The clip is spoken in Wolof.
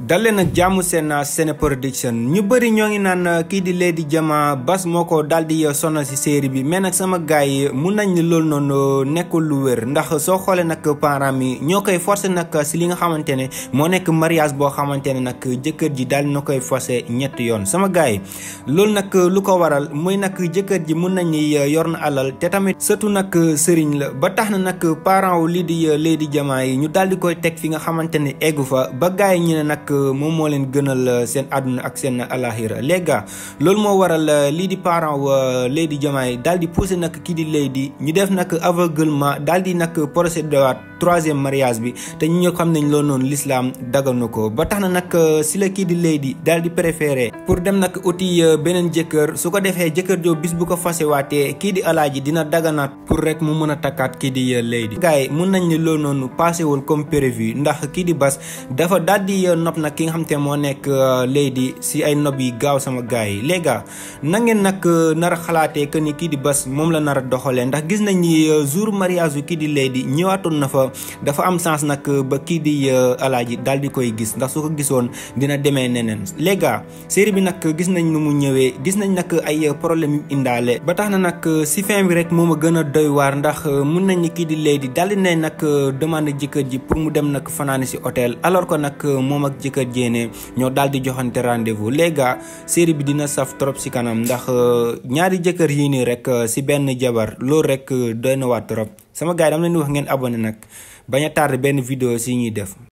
dalee nag jàmm seen seen Production ñu bëri ñoo ngi naan kii di Lady jamaa bas moo ko daal di sonal si série bi mais nag sama gars yi mun nañ ni loolu noonu nekkul lu wér ndax soo xoolee nag parent mi ñoo koy forcé nag si li nga xamante ne moo nekk mariage boo xamante ne nag jëkkër ji daal na koy forcé ñetti yoon sama gars yi loolu nag lu ko waral muy nag jëkkër ji mun nañ ni yor na alal te tamit surtout nag sëriñ la ba tax na nag parent wu lii di Lady Diama yi ñu daal di koy teg fi nga xamante ne eggu fa ba gars yi ñu ne nag moom moo leen gënal euh, seen àdduna ak seen alaxira les loolu moo waral euh, lii di parent wa euh, Lady Diomaye daal di posé nag kii di Lady ñu def nag aveuglement daal di nag procédé waat troisième mariage bi te ñu ñoo xam nañ loolu noonu l'islam daganu ko ba tax na nag euh, si la kii di lady daal di préféré pour dem nag uti euh, beneen jëkkër su ko defee jëkkër joo bis bu ko waatee kii di alaaji dina daganaat pour rek mu mën a takkaat kii di euh, lady gaay mun nañ ni loolu noonu passewul comme prévu ndax kii di bas dafa daal di nopp nag ki nga xam te moo nekk lady si ay nopp yi gaaw sama gaay yi les gars na ngeen nag nar a xalaatee que ni kii di bas moom la nar doxalee ndax gis nañ ni jour mariage kii di lady ñëwaatoon dafa am sens nag euh, ba kii di euh, alaaji daal di koy gis ndax su ko gisoon dina demee neneen les gars ah, série bi nag gis nañ ni mu ñëwee gis nañ nag ay euh, problème yu indaale ba tax na nag si fin bi rek moom a gën a doy waar ndax mun nañu kii di Lady daal di ne nag demande jëkkër ji pour mu dem nag fanaane si otel alors que nag moom ak jëkkër jéene ñoo daal di joxante rendez-vous les ah, série bi dina saf trop si kanam ndax ñaari jëkkër yii nii rek si benn jabar loolu rek doy trop sama gars dam dama leen wax ngeen abonné nag bañ a tardé benn video si ñuy def